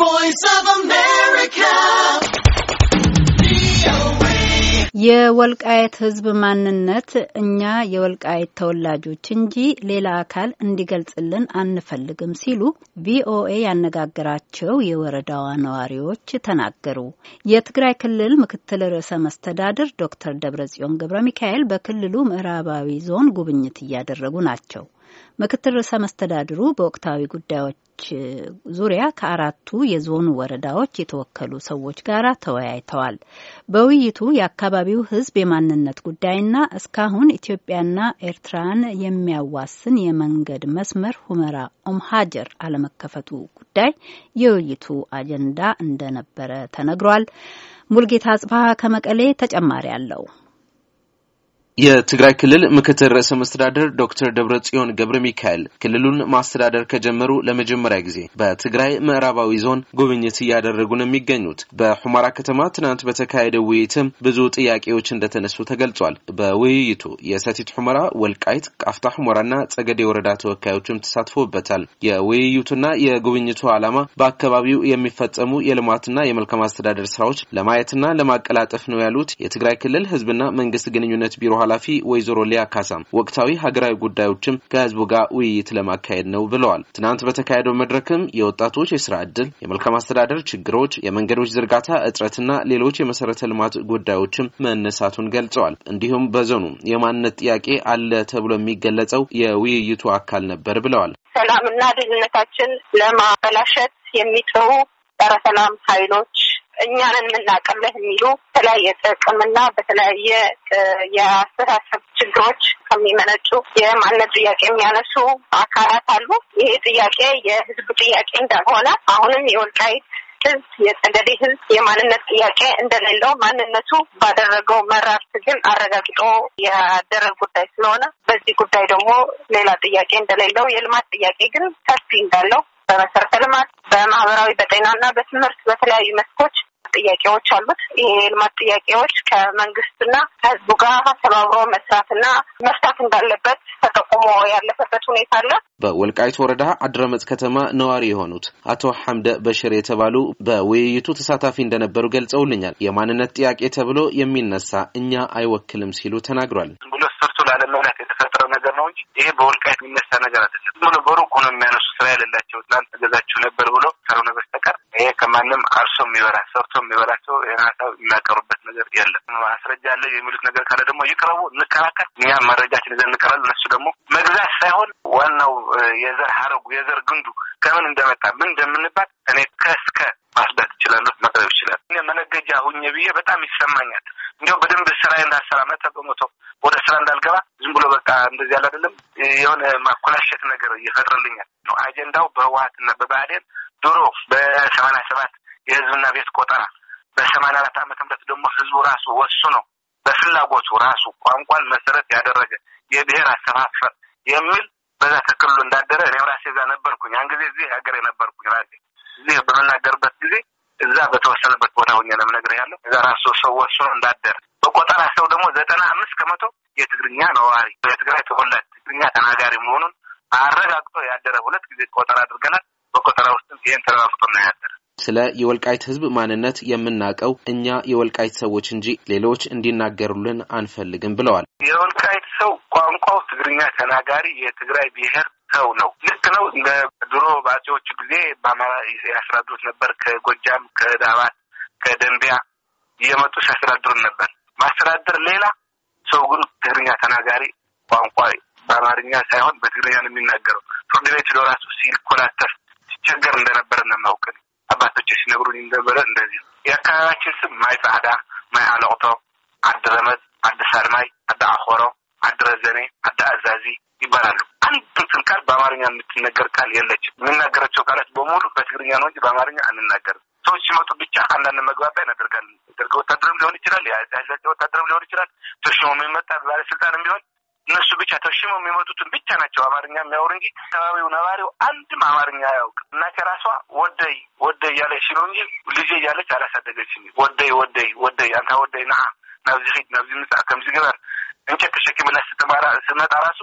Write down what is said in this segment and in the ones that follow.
voice of America. የወልቃየት ሕዝብ ማንነት እኛ የወልቃየት ተወላጆች እንጂ ሌላ አካል እንዲገልጽልን አንፈልግም ሲሉ ቪኦኤ ያነጋገራቸው የወረዳዋ ነዋሪዎች ተናገሩ። የትግራይ ክልል ምክትል ርዕሰ መስተዳድር ዶክተር ደብረጽዮን ገብረ ሚካኤል በክልሉ ምዕራባዊ ዞን ጉብኝት እያደረጉ ናቸው። ምክትል ርዕሰ መስተዳድሩ በወቅታዊ ጉዳዮች ዙሪያ ከአራቱ የዞኑ ወረዳዎች የተወከሉ ሰዎች ጋር ተወያይተዋል። በውይይቱ የአካባቢው ሕዝብ የማንነት ጉዳይና እስካሁን ኢትዮጵያና ኤርትራን የሚያዋስን የመንገድ መስመር ሁመራ ኦምሃጀር አለመከፈቱ ጉዳይ የውይይቱ አጀንዳ እንደነበረ ተነግሯል። ሙልጌታ ጽፋሀ ከመቀሌ ተጨማሪ አለው። የትግራይ ክልል ምክትል ርዕሰ መስተዳደር ዶክተር ደብረ ጽዮን ገብረ ሚካኤል ክልሉን ማስተዳደር ከጀመሩ ለመጀመሪያ ጊዜ በትግራይ ምዕራባዊ ዞን ጉብኝት እያደረጉ ነው የሚገኙት። በሑመራ ከተማ ትናንት በተካሄደ ውይይትም ብዙ ጥያቄዎች እንደተነሱ ተገልጿል። በውይይቱ የሰቲት ሑመራ፣ ወልቃይት፣ ቃፍታ ሑመራና ጸገዴ ወረዳ ተወካዮችም ተሳትፎበታል። የውይይቱና የጉብኝቱ ዓላማ በአካባቢው የሚፈጸሙ የልማትና የመልካም አስተዳደር ስራዎች ለማየትና ለማቀላጠፍ ነው ያሉት የትግራይ ክልል ህዝብና መንግስት ግንኙነት ቢሮ ኃላፊ ወይዘሮ ሊያ ካሳም ወቅታዊ ሀገራዊ ጉዳዮችም ከህዝቡ ጋር ውይይት ለማካሄድ ነው ብለዋል። ትናንት በተካሄደው መድረክም የወጣቶች የስራ ዕድል፣ የመልካም አስተዳደር ችግሮች፣ የመንገዶች ዝርጋታ እጥረትና ሌሎች የመሰረተ ልማት ጉዳዮችም መነሳቱን ገልጸዋል። እንዲሁም በዞኑ የማንነት ጥያቄ አለ ተብሎ የሚገለጸው የውይይቱ አካል ነበር ብለዋል። ሰላምና ደህንነታችን ለማበላሸት የሚጥሩ ጸረ ሰላም ኃይሎች እኛንን የምናቀለህ የሚሉ በተለያየ ጥቅምና በተለያየ የአስተሳሰብ ችግሮች ከሚመነጩ የማንነት ጥያቄ የሚያነሱ አካላት አሉ። ይሄ ጥያቄ የህዝብ ጥያቄ እንዳልሆነ አሁንም የወልቃይት ህዝብ የጠገዴ ህዝብ የማንነት ጥያቄ እንደሌለው ማንነቱ ባደረገው መራር ትግል አረጋግጦ ያደረግ ጉዳይ ስለሆነ በዚህ ጉዳይ ደግሞ ሌላ ጥያቄ እንደሌለው የልማት ጥያቄ ግን ሰፊ እንዳለው በመሰረተ ልማት፣ በማህበራዊ፣ በጤና ና በትምህርት በተለያዩ መስኮች ጥያቄዎች አሉት። ይሄ የልማት ጥያቄዎች ከመንግስትና ከህዝቡ ጋር ተባብሮ መስራትና መፍታት እንዳለበት ተጠቁሞ ያለፈበት ሁኔታ አለ። በወልቃይት ወረዳ አድረመጽ ከተማ ነዋሪ የሆኑት አቶ ሐምደ በሽር የተባሉ በውይይቱ ተሳታፊ እንደነበሩ ገልጸውልኛል። የማንነት ጥያቄ ተብሎ የሚነሳ እኛ አይወክልም ሲሉ ተናግሯል። ብሎ ሰርቶ ላለመብላት እንጂ ይሄ በወልቃይት የሚነሳ ነገር አይደለም። ሆነ በሩቁ ነው የሚያነሱ ስራ የሌላቸው ትናንት ገዛችሁ ነበር ብሎ ካልሆነ በስተቀር ይሄ ከማንም አርሶ የሚበላ ሰርቶ የሚበላ ሰው ይህን ሀሳብ የሚያቀሩበት ነገር የለም። ማስረጃ አለ የሚሉት ነገር ካለ ደግሞ ይቅረቡ፣ እንከራከር። እኛ መረጃችን ይዘን እንቀራል። እነሱ ደግሞ መግዛት ሳይሆን ዋናው የዘር ሀረጉ የዘር ግንዱ ከምን እንደመጣ ምን እንደምንባል እኔ ከስከ ማስዳት እችላለሁ፣ መቅረብ ይችላል። እኔ መነገጃ ሁኜ ብዬ በጣም ይሰማኛል። እንዲሁም በደንብ ስራ እንዳሰራ መተ በመቶ ወደ ስራ እንዳልገባ ዝም ብሎ በቃ እንደዚህ ያለ አይደለም የሆነ ማኮላሸት ነገር ይፈጥርልኛል። አጀንዳው በህወሀትና በባህዴን ድሮ በሰማንያ ሰባት የህዝብና ቤት ቆጠራ በሰማንያ አራት ዓመተ ምህረት ደግሞ ህዝቡ ራሱ ወስኖ በፍላጎቱ ራሱ ቋንቋን መሰረት ያደረገ የብሔር አሰፋፈር የሚል በዛ ተክልሎ እንዳደረ እኔም ራሴ እዛ ነበርኩኝ። አን ጊዜ እዚህ ሀገር የነበርኩኝ ራሴ እዚህ በምናገርበት ጊዜ እዛ በተወሰነበት ቦታ ሆኜ ነው የምነግርህ ያለው። እዛ ራሱ ሰው ወስኖ እንዳደረ በቆጠራ ሰው ደግሞ ዘጠና አምስት ከመቶ የትግርኛ ነዋሪ የትግራይ ተወላጅ ትግርኛ ተናጋሪ መሆኑን አረጋግጦ ያደረ ሁለት ጊዜ ቆጠራ አድርገናል። በቆጠራ ውስጥም ይህን ተረጋግጦ ና ያደረ። ስለ የወልቃይት ሕዝብ ማንነት የምናውቀው እኛ የወልቃይት ሰዎች እንጂ ሌሎች እንዲናገሩልን አንፈልግም ብለዋል። የወልቃ ቋንቋው ትግርኛ ተናጋሪ የትግራይ ብሔር ሰው ነው። ልክ ነው። እንደ ድሮ በአጼዎቹ ጊዜ በአማራ ያስተዳድሩት ነበር። ከጎጃም፣ ከዳባት፣ ከደንቢያ እየመጡ ሲያስተዳድሩን ነበር። ማስተዳደር ሌላ ሰው ግን ትግርኛ ተናጋሪ ቋንቋ በአማርኛ ሳይሆን በትግርኛ ነው የሚናገረው። ፍርድ ቤት ለራሱ ሲኮላተፍ ሲቸገር እንደነበረ እናማውቅን አባቶች ሲነግሩን እንደበለ እንደዚህ የአካባቢያችን ስም ማይ ጻዕዳ፣ ማይ አለቅቶ፣ አዲ ረመድ፣ አዲ ሳድማይ፣ አዲ አኮሮ አድረዘኔ አዳአዛዚ ይባላሉ። አንድ ትን ቃል በአማርኛ የምትነገር ቃል የለችም። የምናገራቸው ቃላት በሙሉ በትግርኛ ነው እንጂ በአማርኛ አንናገርም። ሰዎች ሲመጡ ብቻ አንዳንድ መግባቢያ እናደርጋለን። ደርግ ወታደርም ሊሆን ይችላል፣ የአዛዥ ወታደርም ሊሆን ይችላል። ተሽሞ የሚመጣ ባለስልጣንም ቢሆን እነሱ ብቻ ተሽሞ የሚመጡትን ብቻ ናቸው አማርኛ የሚያወሩ እንጂ አካባቢው ነባሪው አንድም አማርኛ አያውቅም። እናቴ ራሷ ወደይ ወደይ እያለች ሲሉ እንጂ ልጄ እያለች አላሳደገችም። ወደይ ወደይ ወደይ አንታ ወደይ ና ናብዚ ሂድ ናብዚ ምጻእ ከምዚ ግበር እንጨት ተሸክም ብላ ስትማራ ስመጣ ራሱ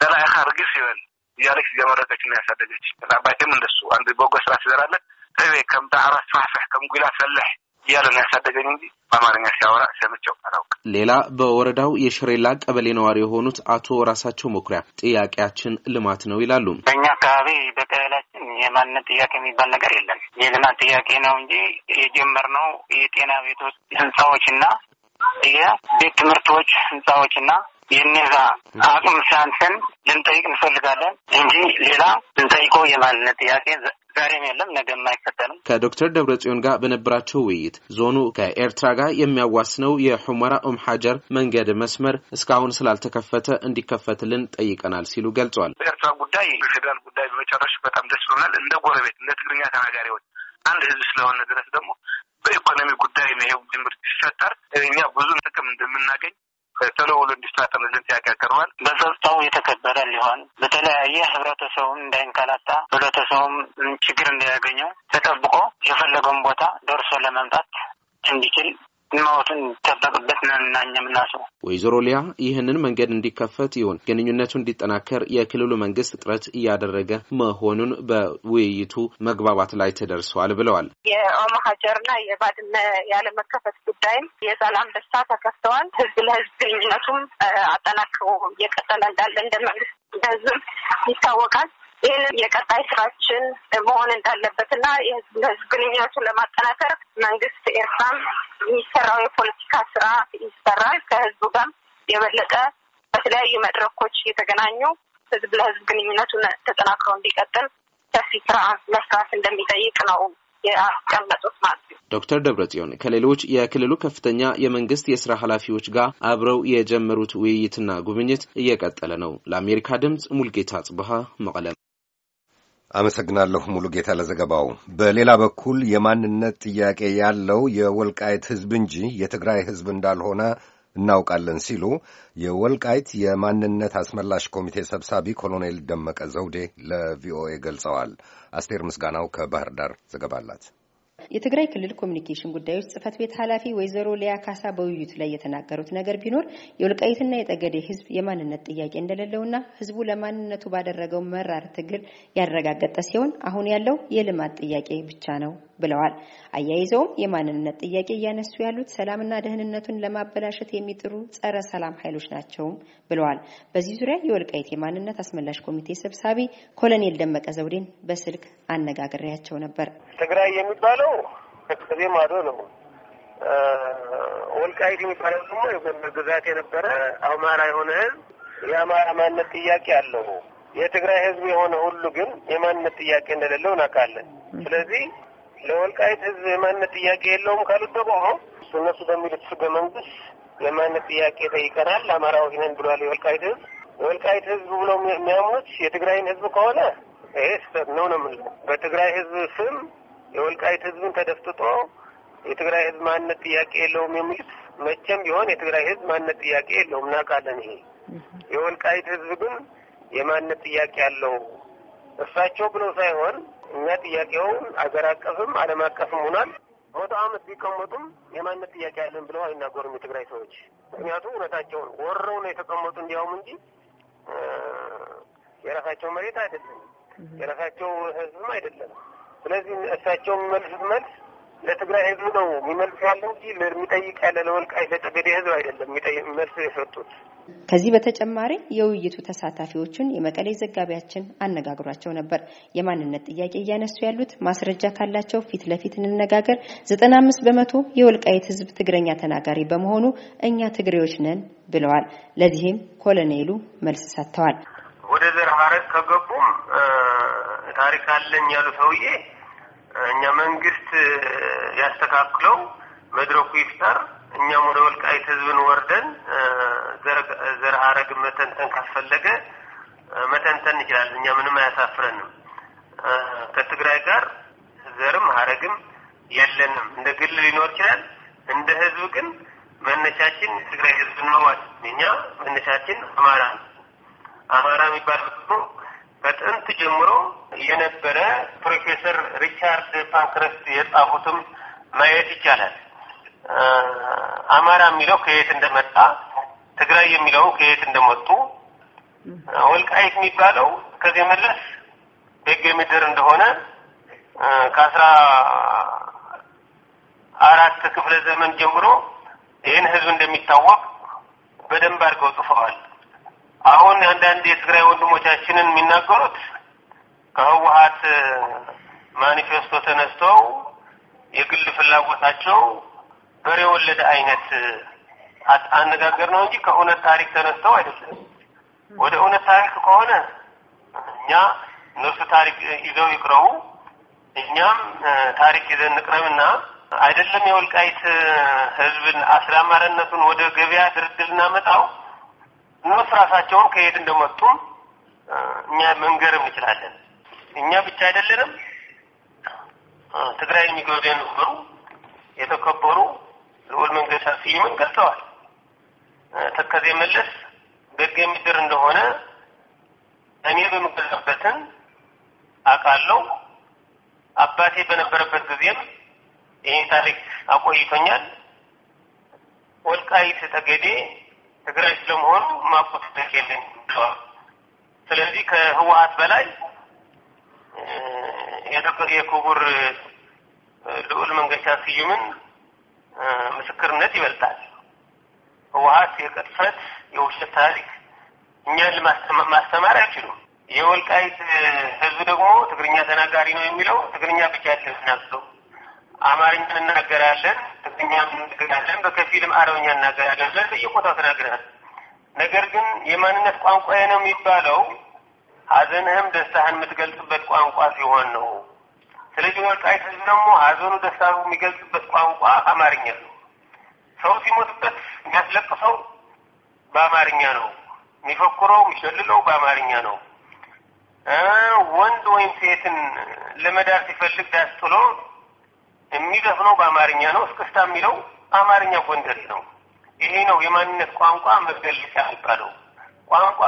ደህና ያካ ርግፍ ይበል እያለች እያመረቀች እና ያሳደገች አባቴም እንደሱ አንድ በጎ ስራ ሲዘራለ ህቤ ከምታ ዳዕራ ስፋሕፍሕ ከም ጉላ ፈልሕ እያለ ነው ያሳደገኝ እንጂ በአማርኛ ሲያወራ ሰምቼው አላውቅም። ሌላ በወረዳው የሽሬላ ቀበሌ ነዋሪ የሆኑት አቶ ራሳቸው መኩሪያ ጥያቄያችን ልማት ነው ይላሉ። በእኛ አካባቢ በቀበላችን የማንነት ጥያቄ የሚባል ነገር የለም። የልማት ጥያቄ ነው እንጂ የጀመርነው የጤና ቤቶች ህንፃዎች ህንፃዎችና የቤት ትምህርቶች፣ ህንፃዎች እና የእነዛ አቅም ሲያንሰን ልንጠይቅ እንፈልጋለን እንጂ ሌላ ልንጠይቀው የማንነት ጥያቄ ዛሬም የለም ነገ አይፈጠንም። ከዶክተር ደብረ ጽዮን ጋር በነበራቸው ውይይት ዞኑ ከኤርትራ ጋር የሚያዋስነው የሑመራ ኡም ሀጀር መንገድ መስመር እስካሁን ስላልተከፈተ እንዲከፈትልን ጠይቀናል ሲሉ ገልጿል። በኤርትራ ጉዳይ በፌዴራል ጉዳይ በመጨረሽ በጣም ደስ ብሎናል። እንደ ጎረቤት እንደ ትግርኛ ተናጋሪዎች አንድ ህዝብ ስለሆነ ድረስ ደግሞ በኢኮኖሚ ጉዳይ ነው ይሄው ጅምር ሲፈጠር እኛ ብዙ ጥቅም እንደምናገኝ ቶሎ ብሎ እንዲፋጠንልን ጥያቄ ያቀርባል። በጸጥታው የተከበረ ሊሆን በተለያየ ህብረተሰቡም እንዳይንከላታ ህብረተሰቡም ችግር እንዳያገኘው ተጠብቆ የፈለገውን ቦታ ደርሶ ለመምጣት እንዲችል ማወቱን ይጠበቅበት ነና እኛ የምናስበው ወይዘሮ ሊያ ይህንን መንገድ እንዲከፈት ይሁን ግንኙነቱ እንዲጠናከር የክልሉ መንግስት ጥረት እያደረገ መሆኑን በውይይቱ መግባባት ላይ ተደርሰዋል ብለዋል። የኦሞ ሀጀርና የባድመ ያለመከፈት ጉዳይም የሰላም ደስታ ተከፍተዋል። ህዝብ ለህዝብ ግንኙነቱም አጠናክሮ እየቀጠለ እንዳለ እንደ መንግስት ህዝብም ይታወቃል። ይህንን የቀጣይ ስራችን መሆን እንዳለበት የህዝብ ለህዝብ ግንኙነቱን ለማጠናከር መንግስት ኤርትራም የሚሰራው የፖለቲካ ስራ ይሰራል። ከህዝቡ ጋር የበለጠ በተለያዩ መድረኮች እየተገናኙ ህዝብ ለህዝብ ግንኙነቱን ተጠናክሮ እንዲቀጥል ሰፊ ስራ መስራት እንደሚጠይቅ ነው ያስቀመጡት ማለት ነው። ዶክተር ደብረጽዮን ከሌሎች የክልሉ ከፍተኛ የመንግስት የስራ ኃላፊዎች ጋር አብረው የጀመሩት ውይይትና ጉብኝት እየቀጠለ ነው። ለአሜሪካ ድምጽ ሙልጌታ ጽብሃ መቀለም አመሰግናለሁ ሙሉ ጌታ ለዘገባው። በሌላ በኩል የማንነት ጥያቄ ያለው የወልቃይት ሕዝብ እንጂ የትግራይ ሕዝብ እንዳልሆነ እናውቃለን ሲሉ የወልቃይት የማንነት አስመላሽ ኮሚቴ ሰብሳቢ ኮሎኔል ደመቀ ዘውዴ ለቪኦኤ ገልጸዋል። አስቴር ምስጋናው ከባህር ዳር ዘገባ አላት። የትግራይ ክልል ኮሚኒኬሽን ጉዳዮች ጽህፈት ቤት ኃላፊ ወይዘሮ ሊያ ካሳ በውይይቱ ላይ የተናገሩት ነገር ቢኖር የወልቃይትና የጠገዴ ህዝብ የማንነት ጥያቄ እንደሌለውና ህዝቡ ለማንነቱ ባደረገው መራር ትግል ያረጋገጠ ሲሆን አሁን ያለው የልማት ጥያቄ ብቻ ነው ብለዋል። አያይዘውም የማንነት ጥያቄ እያነሱ ያሉት ሰላምና ደህንነቱን ለማበላሸት የሚጥሩ ጸረ ሰላም ኃይሎች ናቸውም ብለዋል። በዚህ ዙሪያ የወልቃይት የማንነት አስመላሽ ኮሚቴ ሰብሳቢ ኮሎኔል ደመቀ ዘውዴን በስልክ አነጋግሬያቸው ነበር። ትግራይ የሚባለው ከቅቤ ማዶ ነው። ወልቃይት የሚባለው ደግሞ የጎንደር ግዛት የነበረ አማራ የሆነ ህዝብ የአማራ ማንነት ጥያቄ አለው። የትግራይ ህዝብ የሆነ ሁሉ ግን የማንነት ጥያቄ እንደሌለው እናውቃለን። ስለዚህ ለወልቃይት ህዝብ የማንነት ጥያቄ የለውም ካሉት ደግሞ እነሱ በሚሉት ህገ መንግስት የማንነት ጥያቄ ጠይቀናል፣ አማራዎች ነን ብሏል የወልቃይት ህዝብ። የወልቃይት ህዝብ ብለው የሚያምኑት የትግራይን ህዝብ ከሆነ ይሄ ስህተት ነው ነው የምልህ። በትግራይ ህዝብ ስም የወልቃይት ህዝብን ተደፍጥጦ የትግራይ ህዝብ ማንነት ጥያቄ የለውም የሚሉት መቼም ቢሆን የትግራይ ህዝብ ማንነት ጥያቄ የለውም እናውቃለን። ይሄ የወልቃይት ህዝብ ግን የማንነት ጥያቄ አለው እሳቸው ብለው ሳይሆን እኛ ጥያቄውም አገር አቀፍም ዓለም አቀፍም ሆኗል። መቶ ዓመት ቢቀመጡም የማንነት ጥያቄ አለን ብለው አይናገሩም የትግራይ ሰዎች። ምክንያቱም እውነታቸውን ወረው ነው የተቀመጡ እንዲያውም እንጂ የራሳቸው መሬት አይደለም፣ የራሳቸው ህዝብም አይደለም። ስለዚህ እሳቸው መልሱት መልስ ለትግራይ ህዝብ ነው የሚመልስ ያለ እንጂ የሚጠይቅ ያለ ለወልቃይት ጠገዴ ህዝብ አይደለም መልስ የሰጡት። ከዚህ በተጨማሪ የውይይቱ ተሳታፊዎችን የመቀሌ ዘጋቢያችን አነጋግሯቸው ነበር። የማንነት ጥያቄ እያነሱ ያሉት ማስረጃ ካላቸው ፊት ለፊት እንነጋገር፣ ዘጠና አምስት በመቶ የወልቃይት ህዝብ ትግረኛ ተናጋሪ በመሆኑ እኛ ትግሬዎች ነን ብለዋል። ለዚህም ኮሎኔሉ መልስ ሰጥተዋል። ወደ ዘር ሀረግ ከገቡም ታሪክ አለኝ ያሉ ሰውዬ እኛ መንግስት ያስተካክለው መድረኩ ይፍጠር። እኛም ወደ ወልቃይት ህዝብን ወርደን ዘር ሀረግ መተንተን ካስፈለገ መተንተን እንችላለን። እኛ ምንም አያሳፍረንም። ከትግራይ ጋር ዘርም ሀረግም የለንም። እንደ ግል ሊኖር ይችላል። እንደ ህዝብ ግን መነሻችን የትግራይ ህዝብን መዋል። እኛ መነሻችን አማራ ነው። አማራ የሚባል ደግሞ በጥንት ጀምሮ የነበረ ፕሮፌሰር ሪቻርድ ፓንክረስት የጻፉትም ማየት ይቻላል። አማራ የሚለው ከየት እንደመጣ፣ ትግራይ የሚለው ከየት እንደመጡ፣ ወልቃይት የሚባለው ከዚህ መለስ ቤገ ምድር እንደሆነ ከአስራ አራት ክፍለ ዘመን ጀምሮ ይህን ህዝብ እንደሚታወቅ በደንብ አድርገው ጽፈዋል። አሁን አንዳንድ የትግራይ ወንድሞቻችንን የሚናገሩት ከህወሀት ማኒፌስቶ ተነስተው የግል ፍላጎታቸው በሬ ወለደ አይነት አነጋገር ነው እንጂ ከእውነት ታሪክ ተነስተው አይደለም። ወደ እውነት ታሪክ ከሆነ እኛ እነሱ ታሪክ ይዘው ይቅረቡ፣ እኛም ታሪክ ይዘን እንቅረብና አይደለም የወልቃይት ህዝብን አስራማረነቱን ወደ ገበያ ድርድር እናመጣው እነሱ ራሳቸውን ከየት እንደመጡ እኛ መንገርም እንችላለን። እኛ ብቻ አይደለንም። ትግራይ የሚገቡ የነበሩ የተከበሩ ልዑል መንገሻ ስዩምን ገልጸዋል። ተከዜ መለስ ደገ የሚድር እንደሆነ እኔ በምገዛበትን አውቃለሁ። አባቴ በነበረበት ጊዜም ይሄ ታሪክ አቆይቶኛል። ወልቃይት ተገዴ ትግራይ ለመሆኑ ማቆጠቅ የለኝ ብለዋል። ስለዚህ ከህወሀት በላይ የክቡር ልዑል መንገቻ ስዩምን ምስክርነት ይበልጣል። ህወሀት የቅጥፈት የውሸት ታሪክ እኛን ማስተማር አይችሉም። የወልቃይት ህዝብ ደግሞ ትግርኛ ተናጋሪ ነው የሚለው ትግርኛ ብቻ ልናስለው አማርኛ እንናገራለን፣ ትግርኛ እንናገራለን፣ በከፊልም አረብኛ እናገራለን። ስለዚህ እየቦታው ተናግረናል። ነገር ግን የማንነት ቋንቋዬ ነው የሚባለው ሀዘንህም ደስታህን የምትገልጽበት ቋንቋ ሲሆን ነው። ስለዚህ ወልቃይት ህዝብ ደግሞ ሀዘኑ ደስታ የሚገልጽበት ቋንቋ አማርኛ ነው። ሰው ሲሞትበት የሚያስለቅሰው በአማርኛ ነው። የሚፈኩረው የሚሸልለው በአማርኛ ነው። ወንድ ወይም ሴትን ለመዳር ሲፈልግ ዳስ ጥሎ የሚዘፍነው በአማርኛ ነው። እስክስታ የሚለው አማርኛ ጎንደሬ ነው። ይሄ ነው የማንነት ቋንቋ መገለጫ የሚባለው። ቋንቋ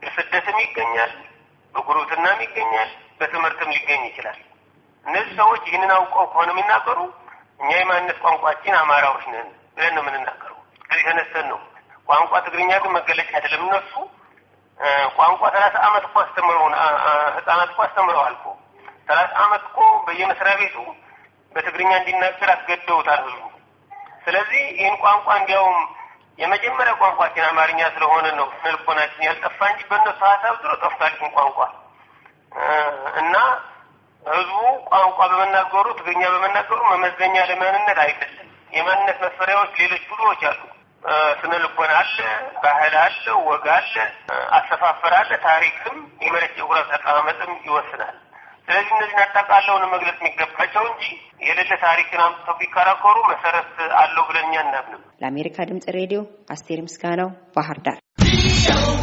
በስደትም ይገኛል፣ በጉርብትናም ይገኛል፣ በትምህርትም ሊገኝ ይችላል። እነዚህ ሰዎች ይህንን አውቀው ከሆነ የሚናገሩ እኛ የማንነት ቋንቋችን አማራዎች ነን ብለን ነው የምንናገረው። ከዚህ ተነስተን ነው ቋንቋ ትግርኛ ግን መገለጫ አይደለም። እነሱ ቋንቋ ሰላሳ አመት እኮ አስተምረውን ህጻናት እኮ አስተምረዋል እኮ ሰላሳ አመት እኮ በየመስሪያ ቤቱ በትግርኛ እንዲናገር አስገደውታል ህዝቡ ስለዚህ ይህን ቋንቋ እንዲያውም የመጀመሪያ ቋንቋችን አማርኛ ስለሆነ ነው ስነልቦናችን ያልጠፋ እንጂ በእነሱ ሀሳብ ድሮ ጠፍቷል ይህን ቋንቋ እና ህዝቡ ቋንቋ በመናገሩ ትግርኛ በመናገሩ መመዘኛ ለማንነት አይደለም። የማንነት መስፈሪያዎች ሌሎች ብዙዎች አሉ። ስነ ልቦና አለ፣ ባህል አለ፣ ወግ አለ፣ አሰፋፈር አለ። ታሪክም የመሬት ጂኦግራፊ አቀማመጥም ይወስናል። ስለዚህ እነዚህን አጠቃለውን መግለጽ የሚገባቸው እንጂ የሌለ ታሪክን አምጥተው ቢከራከሩ መሰረት አለው ብለን እኛ አናምንም። ለአሜሪካ ድምጽ ሬዲዮ አስቴር ምስጋናው ባህር ዳር